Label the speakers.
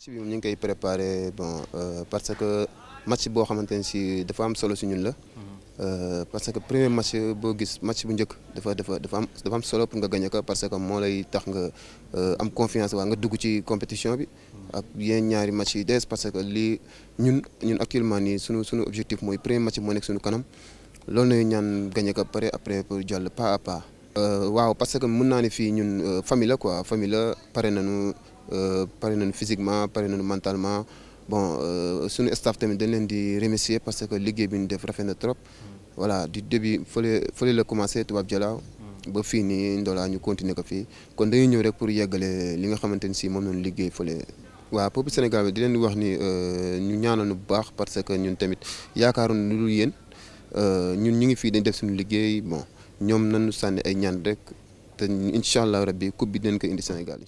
Speaker 1: si bi moom ñu ngi koy préparé bon euh, parce que match boo xamante ne si dafa am solo si ñun la. Mm-hmm. Euh, parce que premier match boo gis match bu njëkk dafa dafa dafa am dafa solo pour nga gagné ko parce que moo lay tax nga euh, am confiance waa nga dugg ci compétition bi. Mm-hmm. ak yeneen ñaari match yi des parce que lii ñun ñun actuellement nii sunu sunu objectif mooy premier match moo nekk sunu kanam loolu nañu ñaan gagné ko pare après pour jàll pa à pas. waaw parce que mun naa ne fii ñun famille la quoi famille pare nañu. Euh, pare nañu physiquement pare nañu mentalement bon euh, suñu staff tamit dañ leen di remercier parce que liggéey bi ñu def rafet na trop voilà di début fële fële la commencé Toubab Dialaw mm. ba fii nii Ndola ñu continuer ko fii kon dañuy ñëw rek pour yeggale li nga xamante ni si moom noonu liggéey fële waaw peuple Sénégal bi di leen di wax ni euh, ñu ñaanal nu bu baax parce que ñun tamit yaakaaroon lu dul yéen ñun ñu ngi fii dañ def suñu liggéey bon ñoom nañu sànni ay ñaan rek te incha allah rabbi coupe bi dinañ ko indi Sénégal